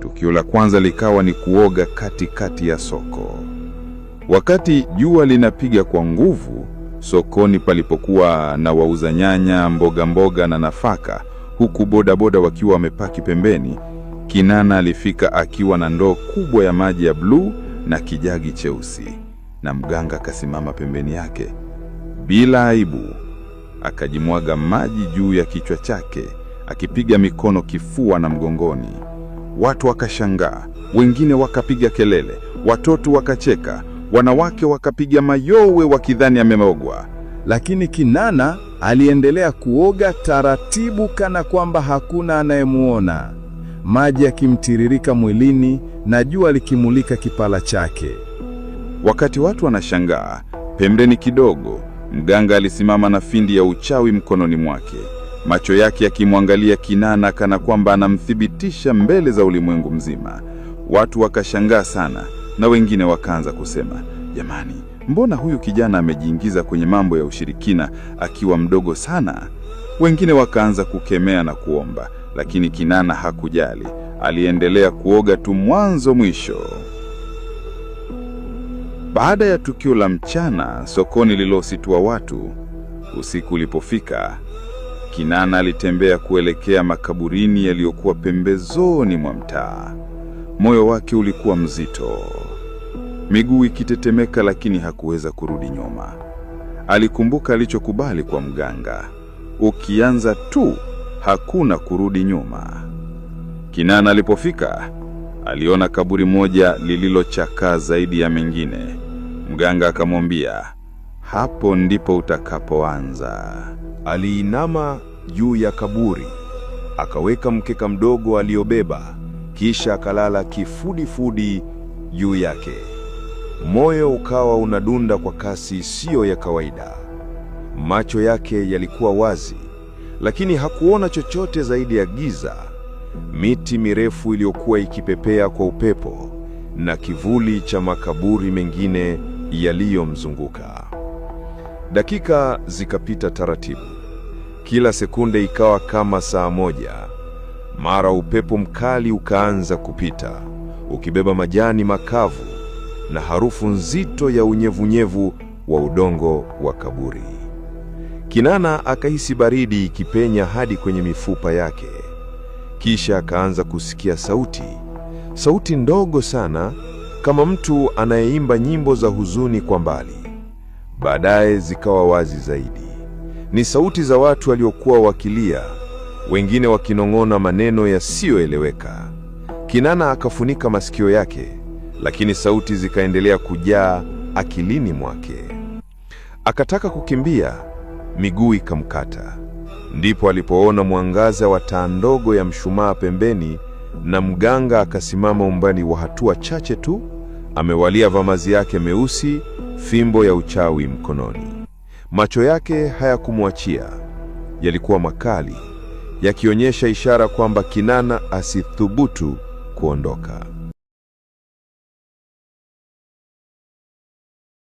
Tukio la kwanza likawa ni kuoga katikati kati ya soko. Wakati jua linapiga kwa nguvu sokoni palipokuwa na wauza nyanya, mboga mboga na nafaka, huku bodaboda wakiwa wamepaki pembeni, Kinana alifika akiwa na ndoo kubwa ya maji ya bluu na kijagi cheusi, na mganga akasimama pembeni yake bila aibu, akajimwaga maji juu ya kichwa chake akipiga mikono kifua na mgongoni. Watu wakashangaa, wengine wakapiga kelele, watoto wakacheka, wanawake wakapiga mayowe wakidhani amemogwa. Lakini Kinana aliendelea kuoga taratibu, kana kwamba hakuna anayemwona, maji yakimtiririka mwilini na jua likimulika kipala chake. Wakati watu wanashangaa, pembeni kidogo, mganga alisimama na findi ya uchawi mkononi mwake macho yake yakimwangalia Kinana kana kwamba anamthibitisha mbele za ulimwengu mzima. Watu wakashangaa sana na wengine wakaanza kusema, jamani, mbona huyu kijana amejiingiza kwenye mambo ya ushirikina akiwa mdogo sana? Wengine wakaanza kukemea na kuomba, lakini Kinana hakujali. Aliendelea kuoga tu mwanzo mwisho. Baada ya tukio la mchana sokoni lililositua watu, usiku ulipofika Kinana alitembea kuelekea makaburini yaliyokuwa pembezoni mwa mtaa. Moyo wake ulikuwa mzito, miguu ikitetemeka, lakini hakuweza kurudi nyuma. Alikumbuka alichokubali kwa mganga, ukianza tu hakuna kurudi nyuma. Kinana alipofika, aliona kaburi moja lililochakaa zaidi ya mengine. Mganga akamwambia, hapo ndipo utakapoanza. Aliinama juu ya kaburi, akaweka mkeka mdogo aliobeba, kisha akalala kifudifudi juu yake. Moyo ukawa unadunda kwa kasi isiyo ya kawaida. Macho yake yalikuwa wazi, lakini hakuona chochote zaidi ya giza, miti mirefu iliyokuwa ikipepea kwa upepo na kivuli cha makaburi mengine yaliyomzunguka. Dakika zikapita taratibu. Kila sekunde ikawa kama saa moja. Mara upepo mkali ukaanza kupita ukibeba majani makavu na harufu nzito ya unyevunyevu wa udongo wa kaburi. Kinana akahisi baridi ikipenya hadi kwenye mifupa yake. Kisha akaanza kusikia sauti, sauti ndogo sana kama mtu anayeimba nyimbo za huzuni kwa mbali. Baadaye zikawa wazi zaidi. Ni sauti za watu waliokuwa wakilia, wengine wakinong'ona maneno yasiyoeleweka. Kinana akafunika masikio yake, lakini sauti zikaendelea kujaa akilini mwake. Akataka kukimbia, miguu ikamkata. Ndipo alipoona mwangaza wa taa ndogo ya mshumaa pembeni, na mganga akasimama umbali wa hatua chache tu, amewalia vamazi yake meusi, fimbo ya uchawi mkononi. Macho yake hayakumwachia, yalikuwa makali, yakionyesha ishara kwamba Kinana asithubutu kuondoka.